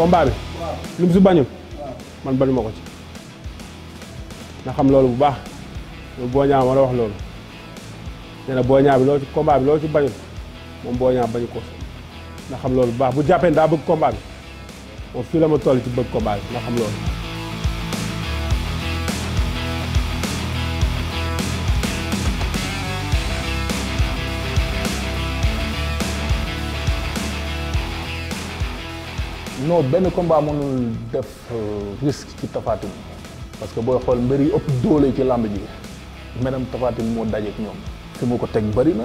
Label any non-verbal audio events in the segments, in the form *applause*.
combat bi. lu si bañul. man bañu ma ko ci. na xam loolu bu baax loolu boo ñaaw ma wax loolu nee na boo ñaaw bi loolu ci combat loolu ci bañul moom boo ñaaw bañu ko na xam loolu bu baax bu jàppee daa bëgg combat oo fii la ma toll ci bëgg combat bi na xam loolu. non benn combat mënul def euh, risque ci Tafatine parce que booy xool mbir yi ëpp doole ci làmb ji menam Tafatine moo dajeek ñoom fi mu ko teg bari na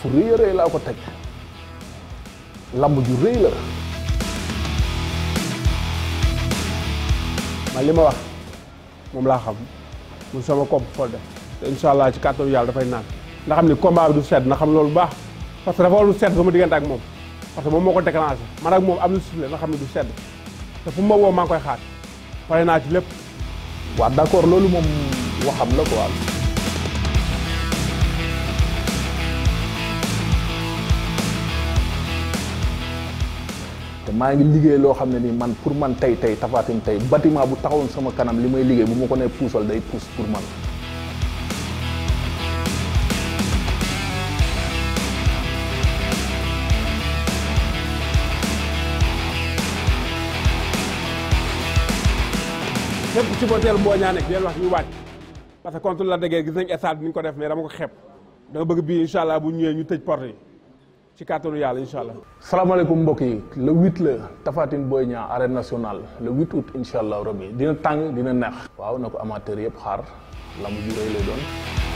fu rëy a rëy laa ko teg làmb ju rëy la man li ma wax moom laa xam mun sama kopp Fodé te incha ci kàttan yàlla dafay naan nga xam ni combat bi du sedd na xam loolu baax parce que dafa war lu sedd sama diggante ak moom parce que moom moo ko déclenché man ak moom am na suuf la nga xam ne du sedd te fu ma woo maa ngi koy xaar pare naa ci lépp. waaw d'accord loolu moom waxam la quoi. te maa ngi liggéey loo xam ne nii man pour man tey tey Tapha tey bâtiment bu taxawoon sama kanam li may liggéey bu ma ko ne puusal day puus pour man. fépp ci booteel Mboñaa nekk parce que la déggee gis nañ bi ñu ko def mais dama ko xeeb dama bëgg bii incha bu ñëwee ñu tëj porte ci kàttanu yàlla incha allah. salaamaaleykum mbokk yi le huit la tafaatin booy ñaa Niang arène nationale le huit août incha allah rabbi dina tàng dina neex. waaw na ko amateur yëpp xaar lamb ju rëy lay doon.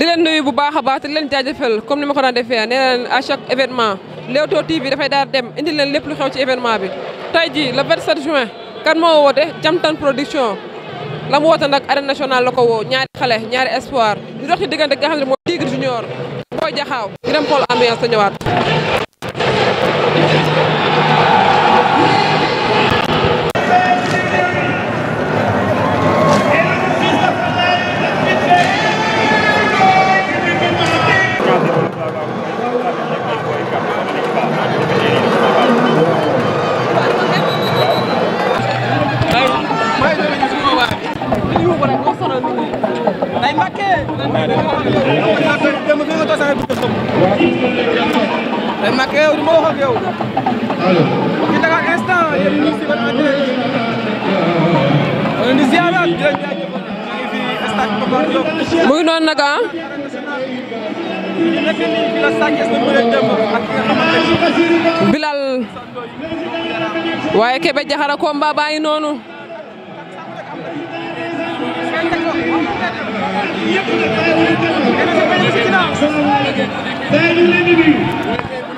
di leen nuyu bu baax a baax te di leen jaajëfal comme ni ma ko daan defee nee leen à chaque événement Leewtoo TV dafay daal dem indi leen lépp lu xew ci événement bi. tey jii le 27 juin kan moo woote Jamtan production la mu woote nag arène nationale la ko woo ñaari xale ñaari espoir ñu dox ci diggante nga xam ne mooy Tigre Junior. Boy Jaxaaw di dem xool ambiance te ñëwaat. mu ngi noonu nag ah. nekk nii fii la Bilal. waaye Kébé Diakhara combat baa ngi noonu.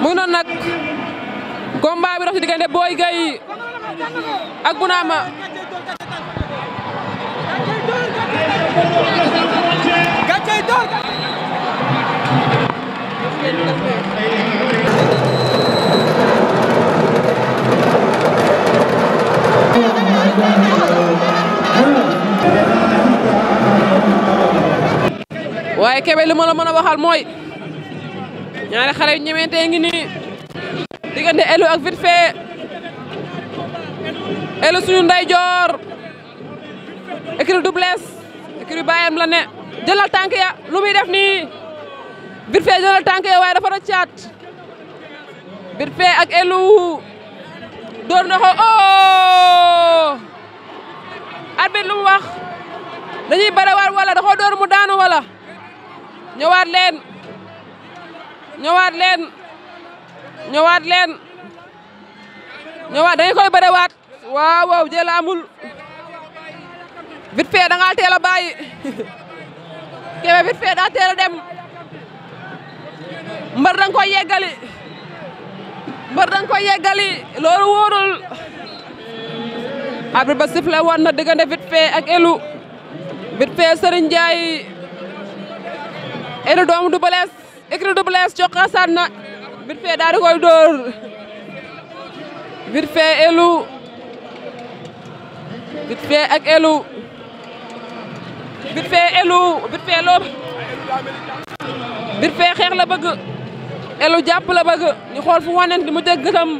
muy noonu nag combat bi dox ci diggante Boy Gueye ak Bounama gàccay ay Kébé li mën a mën a waxal mooy ñaari xale yu ñemente nii diggante Elo ak vite fait Elo suñu nday joor écurie Doubless écurie bàyyam la ne jëlal tànk ya lu muy def nii vite fait jëlal tànk ya waaye dafa doon caat vite fait ak Elo door na ko oh arbitre lu mu wax dañuy bare war wala da koo mu daanu wala ñëwaat leen ñëwaat leen ñëwaat leen ñëwaat dañu koy bërewaat waaw waaw jël amul vite fait da ngaa teel a bàyyi *laughs* Kébé vite fait daa teel a dem mbër danga koy yeggali mbër danga yeggali loolu wóorul arbitre ba sifflé woon na diggante vite ak elu vite fait Serigne Aida doomu Double Less écrit Double Less coxaasaat na vite fait daal di koy dóor vite fait elu vite fait elu vite elu vite fait loo xeex la bëgg elu jàpp la bëgg ñu xool fu waneen di mu jëg gëtam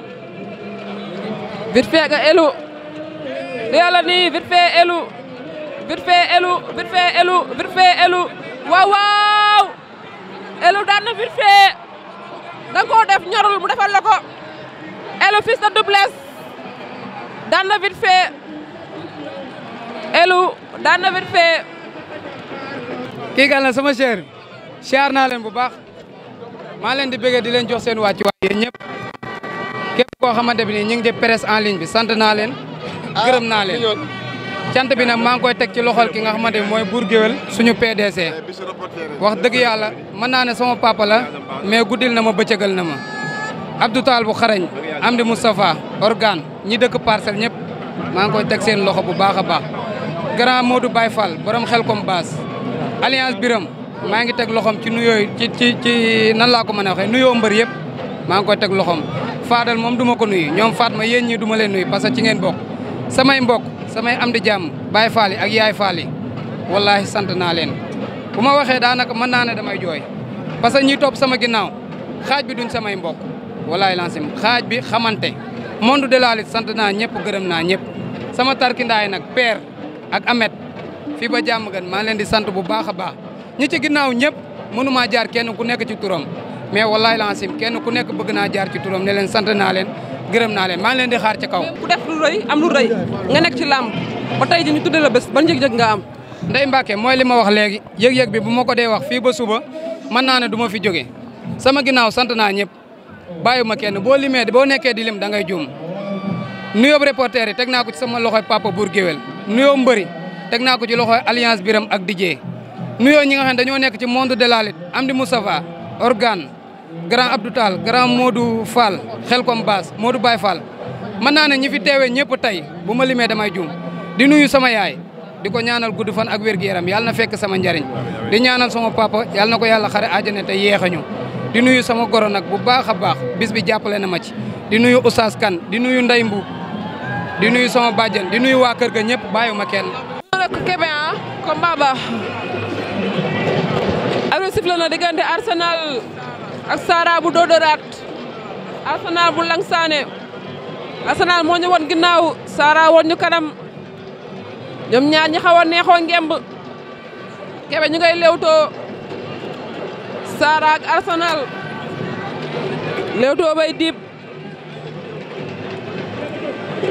vite fait elu yàlla nii vite elu vite elu vite elu vite Elou daan na vite fait def ñorul mu defal la ko Elou fils de Double Less daan na vite fait Elou daan kii gal na sama cher siyaar naa leen bu baax maa leen di bëggee di leen jox seen wàccuwaay yéen ñëpp képp koo xamante bi nii ñu ngi def presse en ligne bi sant naa leen ah, gërëm naa leen cant bi nag maa ngi koy teg ci loxol ki nga xamante ni mooy buur géwél suñu PDC wax dëgg yàlla mën naa ne sama papa la mais guddil na ma bëccëgal na ma Abdou Tall bu xarañ Amdi Moustapha organe ñi dëkk parcelle ñëpp maa ngi koy teg seen loxo bu baax a baax grand Modou Baye Fall borom xel comme base alliance biram maa ngi teg loxom ci nuyooy ci ci ci nan laa ko mën a waxee nuyoo mbër yëpp maa ngi koy teg loxom faadal moom duma ko nuyu ñoom Fatma yéen ñi duma leen nuyu parce que ci ngeen bokk samay mbokk samay am di jàmm baay faal yi ak yaay faal yi sant naa leen bu ma waxee daanaka mën naa ne damay jooy parce que ñi topp sama ginnaaw xaaj bi duñ samay mbokk wallaahi lancim xaaj bi xamante moon de la sant naa ñëpp gërëm naa ñëpp sama tarkindaay nag père ak amet fii ba jàmm gan maa leen di sant bu baax baax ñi ci ginnaaw ñëpp mënumaa jaar kenn ku nekk ci turam mais wallaahi lancim kenn ku nekk bëgg naa jaar ci turam ne leen sant naa leen gërëm naa leen maa ngi leen di xaar ci kaw. ku def lu rëy am lu rëy nga nekk ci làmb ba tey ji ñu tuddee la bés ban yëg-yëg nga am. Ndeye Mbacke mooy li ma wax léegi yëg-yëg bi bu ma ko dee wax fii ba suba mën naa ne du ma fi jógee sama ginnaaw sant naa ñëpp bàyyuma kenn boo limee boo nekkee di lim da ngay juum nuyoob reporter teg naa ko ci sama loxoy papa Bour Guéweul nuyoo mbëri teg naa ko ci loxo alliance biram ak di jee nuyoo ñi nga xam ne dañoo nekk ci monde de la lutte am di Moustapha organe grand Abdou Tall grand Modou Fall xel kom baas Modou Baye Fall. mën naa ne ñi fi teewee ñëpp tey bu ma limee damay juum di nuyu sama yaay di ko ñaanal gudd fan ak wér-gu-yaram yàlla na fekk sama njariñ di ñaanal sama papa yàlla na ko yàlla xare àjjana te yeex a ñu di nuyu sama goro nag bu baax a baax bis bi jàppale na ma ci di nuyu Oustaz Kane di nuyu Ndey Mbu di nuyu sama bàjjen di nuyu waa kër ga ñëpp ma kenn. Ah, comme baba. Arbitre sifflé na Arsenal. ak Sara bu Dodoraat Arsenal bu Langsaane Arsenal moo ñu won ginnaaw Sara woon ñu kanam ñoom ñaar ñi xaw neexoo ngemb kebe ñu ngay lewtoo Sara ak Arsenal lewtoo bay diib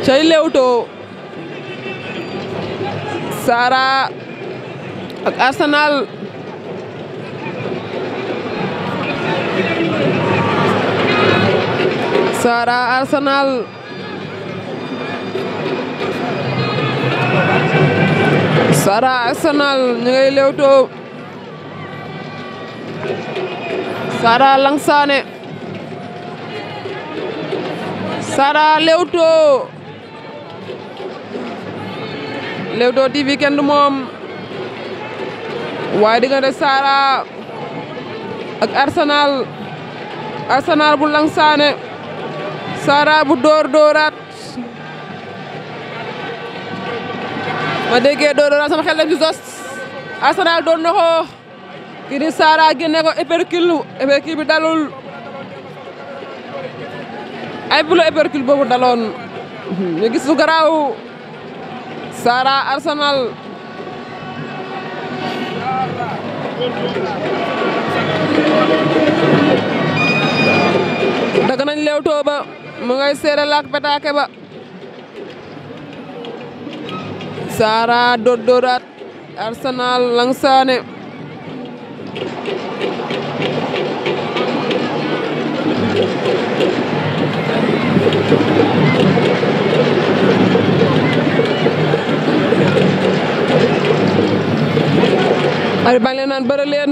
cay lewtoo Sara ak Arsenal Sara Arsenal Sara Arsenal ñu ngay lewtoo Sara Langsane Sara lewtoo lewtoo TV kenn moom waaye diggante Sara Arsenal Arsenal bu Langsane saara bu door dooraat ma déggee door dooraat sama xel dem ci Arsenal doon na ko kii di Sara ko épercule épercule dalul ay bu la boobu daloon ñu gis su garaaw Sara Arsenal dagg nañ leewtoo ba mu ngay séeréel ak petaake ba Sara doddoraat Arsenal Langsane ari bang le naan bëra leen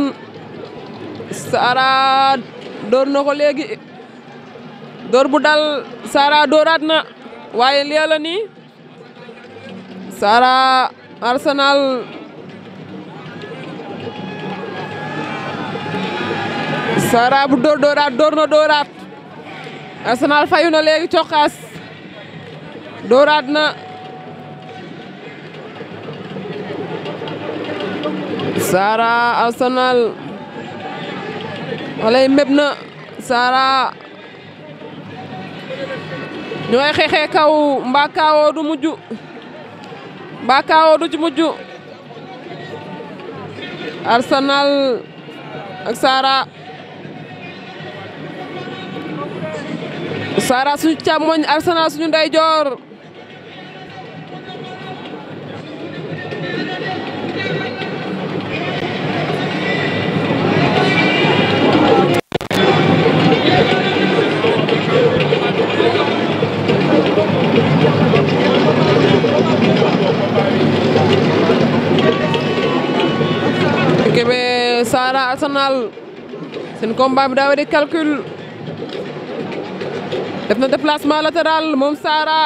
Sara door na ko léegi dóor bu dal Sara dóoraat na waaye lii ni nii Sara Arsenal Sara bu dóor dóoraat dóor na dóoraat Arsenal fayu na léegi coxaas dóoraat na Sara Arsenal wala yi na Sara ñooy xeexee kaw mbaa kaawoo du mujj mbaa du ci mujj Arsenal sara Sara Sara suñu càmmoñ Arsenal suñu ndeyjoor Arsenal seen combat bi daa war di calcul def na déplacement latéral moom Saara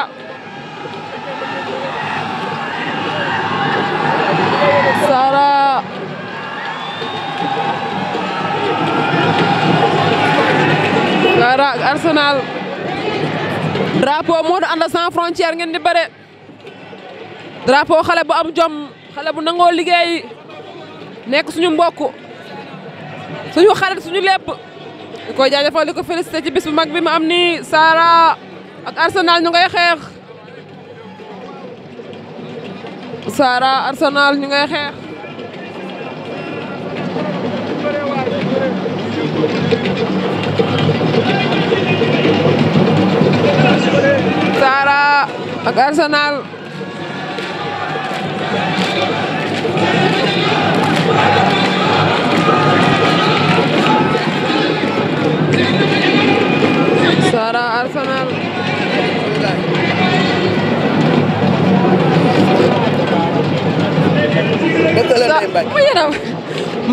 Saara Arsenal drapeau moo du ànd sans frontière ngeen di bëre drapeau xale bu am jom xale bu nangoo liggéey nekk suñu mbokk suñu xarit suñu lépp di koy jaajëfal di ko félicité ci bis mag bi mu am nii Sara ak Arsenal ñu ngay xeex Sara Arsenal ñu ak Arsenal Sarah Arsenal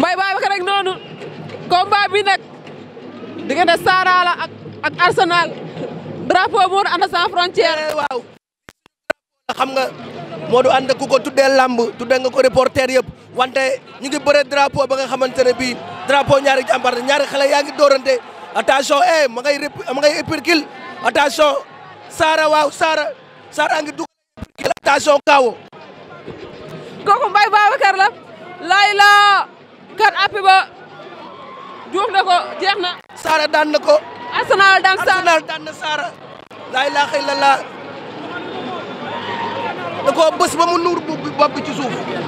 mbay baay ba ka rek noonu combat bi nag diggante Sarah la ak ak Arsenal drapeau Modou Anta sans frontière eh, waaw xam nga Modou Anta ku ko tuddee lamb tuddee nga ko reporter yëpp wante ñu ngi bëre drapeau ba nga xamante ne bii drapeau ñaari jàmbaar ñaari xale yaa ngi doorante attention eh ma ngay ma ngay épercule Saara waaw Saara Saara a ngi dugg épercule attention Kaawo. kooku la lay kat appi ba juum na ko jeex na. Saara daan na ko. Arsenal daan Saara Arsenal daan na Saara. laa bës ba mu nuur bopp bi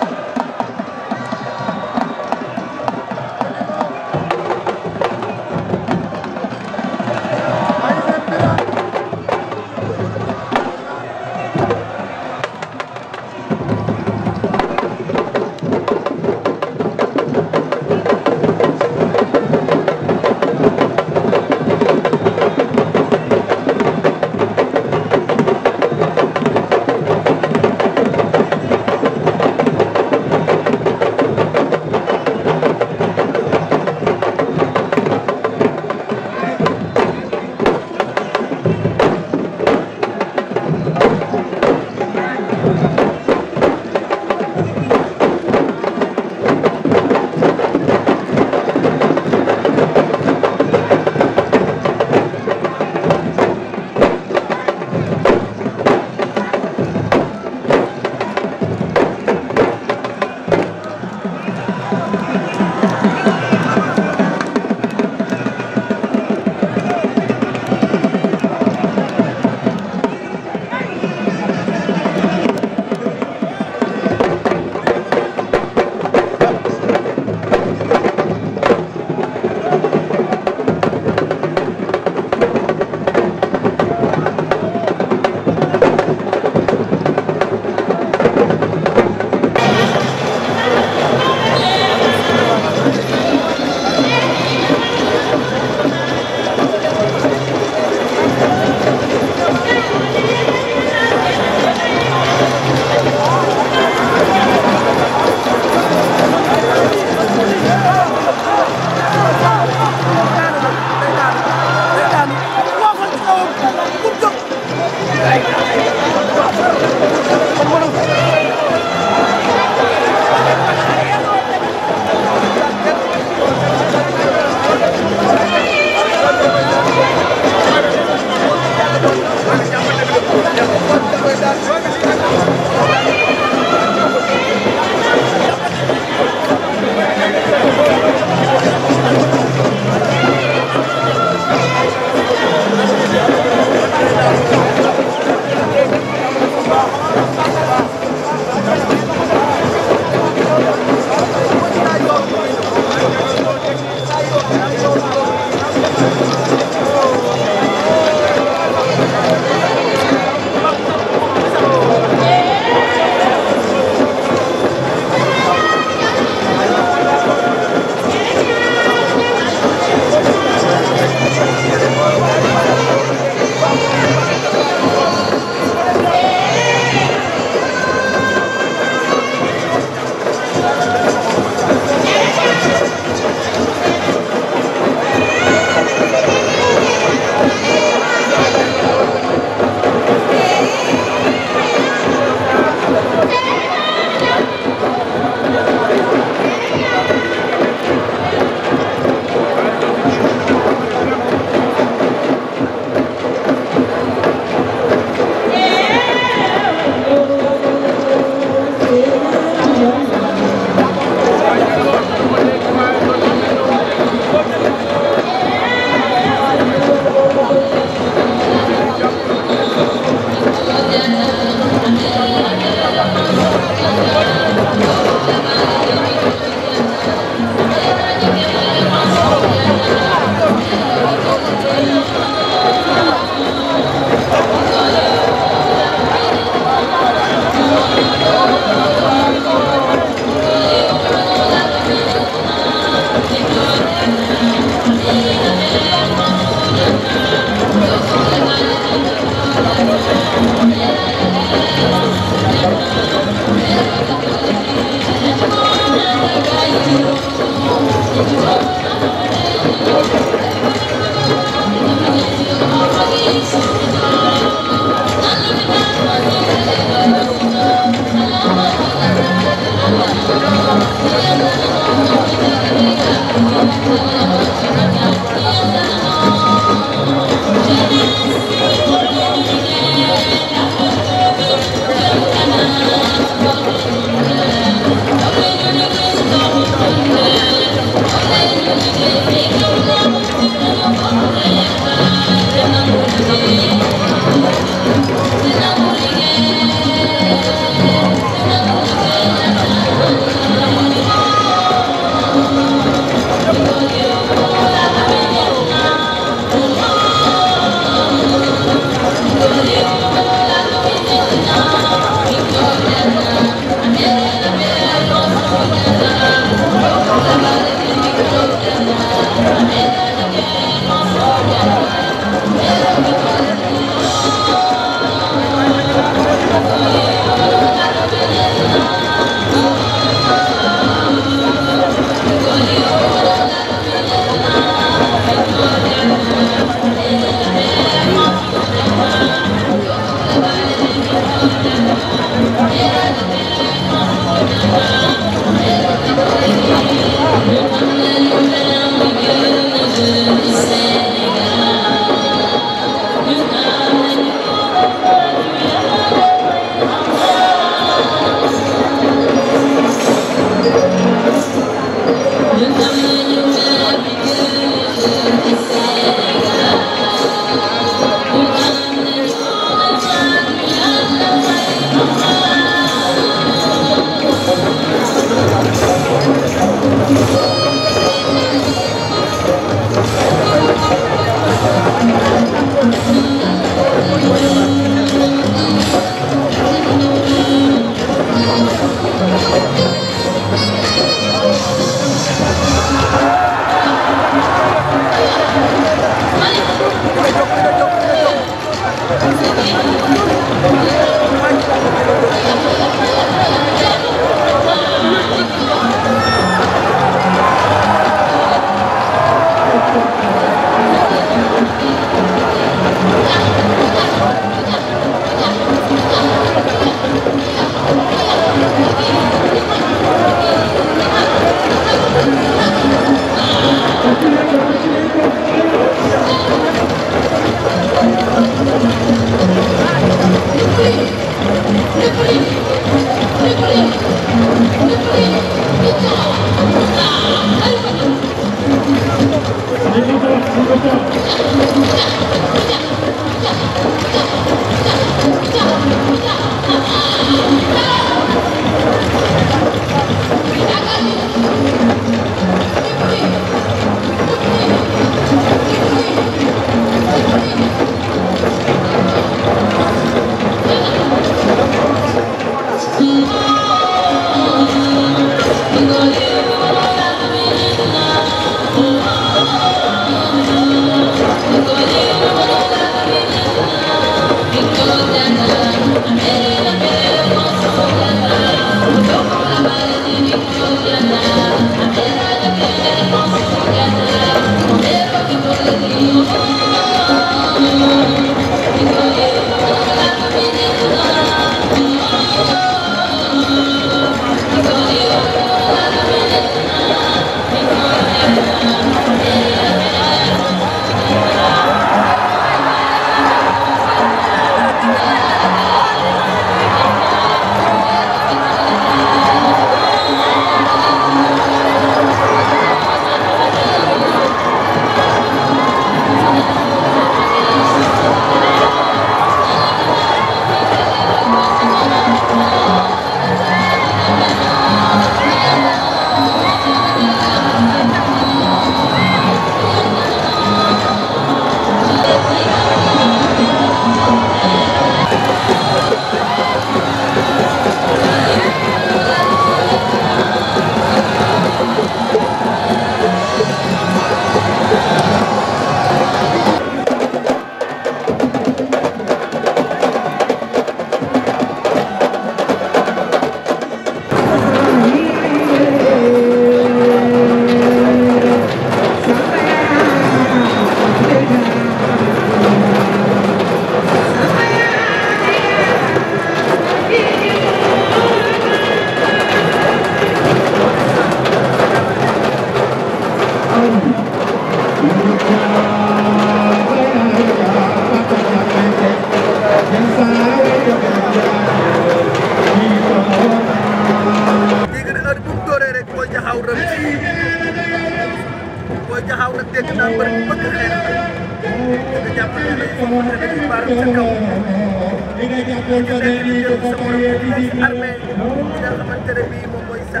nga xamante ne bii moom mooy sa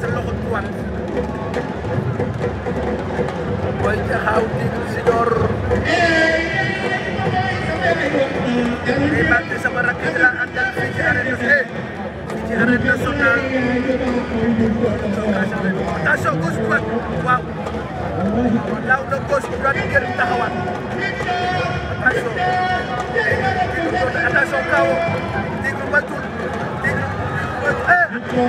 sa loxo droite mooy jaxaaw Tiitu Sidoor di sama rakk yi laa àndal fii ci arène ci arène nationale attention gauche droite waaw laaw na gauche droite ngeen taxawaat attention attention kawo ah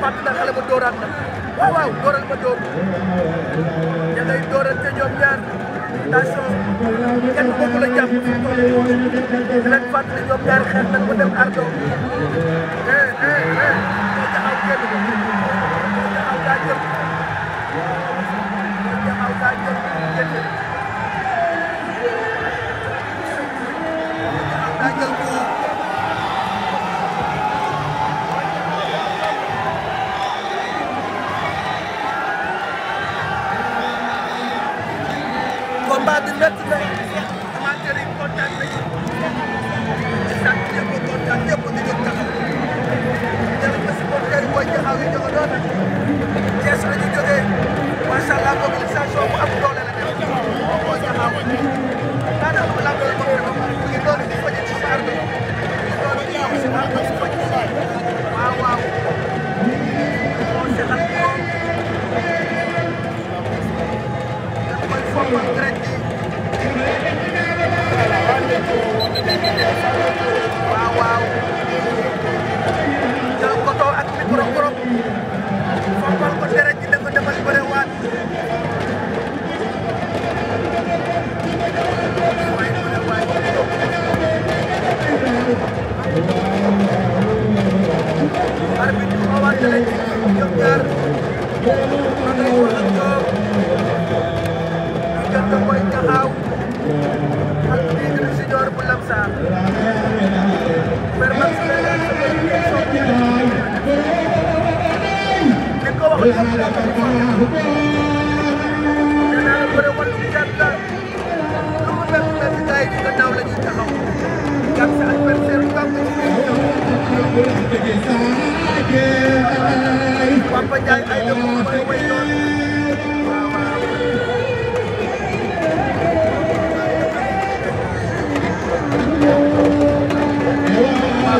fàttali na xale ba dooraat na waaw waaw dooral ma dóor ña ngay dooral te ñoom ñaar station kenn boobu la jàpp si tool yi di leen fàttali ñoom ñaar xeex nag mu dem ardo eh eh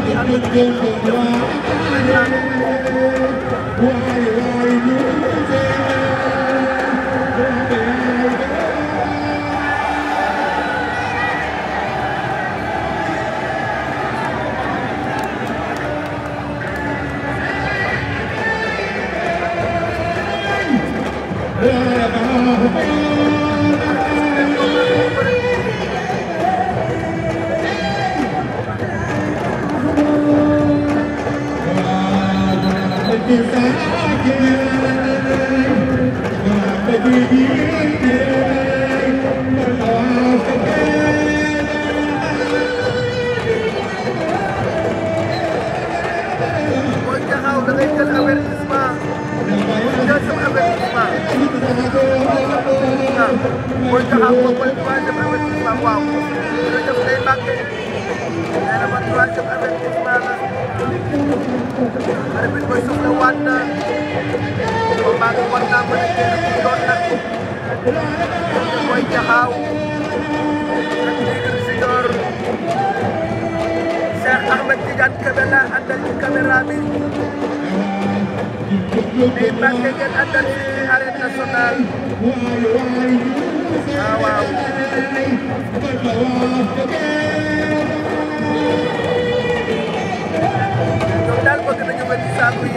I'll be, I'll be, waaw Boy Diakhao ak Tigre Sior Cheikh Ahmed Tidiane Kébé laa àndal ci caméra bi mais Mbacke ngeen àndal ci arène nationale waaw ah, waaw ñoom daal bëgg nañu ba ci saako yi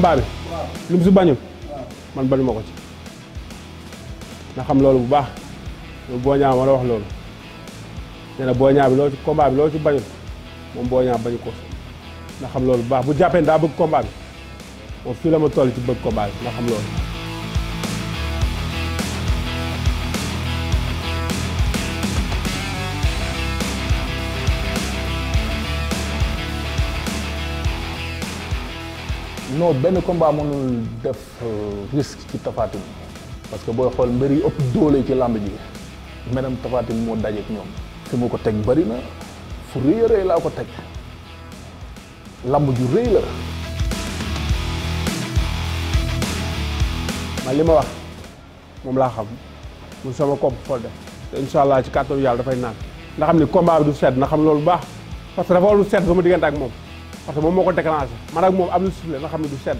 combat bi. lu mu si bañul. man bañu ma ko ci. na xam loolu bu baax loolu boo ma la wax loolu nee na boo ñaaw bi loolu ci combat bi loolu ci bañul moom boo bañu ko na xam loolu bu baax bu jàppee daa bëgg combat bi moom fii la ma toll ci bëgg combat bi na xam loolu. non benn combat mënul def euh, risque ci Tafatine parce que booy xool mbir yi ëpp doole ci làmb ji menam Tafatine moo dajeek ñoom fi mu ko teg bari na fu rëy a laa ko teg làmb ju rëy la man li ma wax moom laa xam mun sama kopp fol de te incha ci kàttanu yàlla dafay naan nga xam ni combat bi du sedd na xam loolu baax parce que dafa war lu sedd sama diggante ak moom parce moom moo ko déclenché man ak moom am na suuf nga xam ne du sedd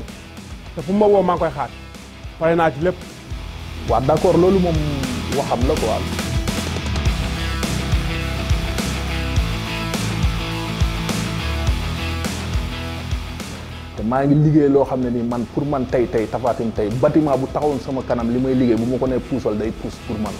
te fu ma woo maa ngi koy xaar pare naa ci lépp. waaw d'accord loolu moom waxam la quoi. te maa ngi liggéey loo xam ne ni man pour man tey tey Tapha Tine tey bâtiment bu taxawoon sama kanam li may liggéey bu ma ko nee puusal day puus pour man.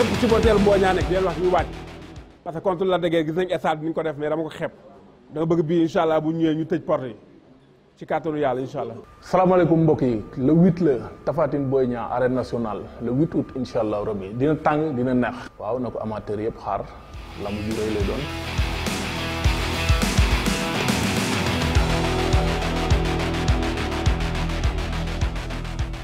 képp ci booteel Mboñaa nekk yéen wax ñu waaj parce que contre la dégg gis nañ stade bi ni ko def mais dama ko xeeb dama bëgg bii incha allah bu ñëwee ñu tëj porte yi ci kàttanu yàlla incha allah. salaamaaleykum mbokk yi le huit la Tafatine Boy Niang arène nationale le huit août incha allah rabbi dina tàng dina neex. waaw na ko amateur yëpp xaar la mu juree lay doon.